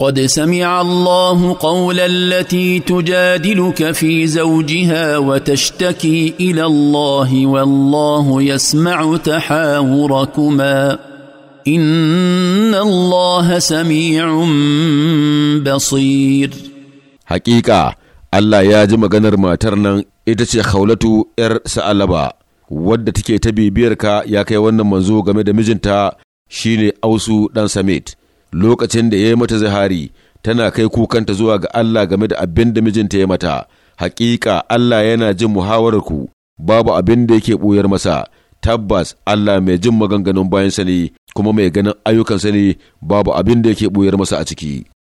قد سمع الله قول التي تجادلك في زوجها وتشتكي الى الله والله يسمع تحاوركما ان الله سميع بصير حقيقه الله يا ji maganar matar nan ita ce Khawlatu ‘yar Sa'alaba, wadda take ta bibiyarka ya kai wannan manzo game da mijinta shine Ausu ɗan Samit. lokacin da ya yi mata zihari tana kai kukanta zuwa ga Allah game da abin da mijinta ya mata hakika Allah yana jin muhawararku babu abin da yake buyar masa tabbas Allah mai jin maganganun bayansa ne kuma mai ganin ayyukansa ne babu abin da yake buyar masa a ciki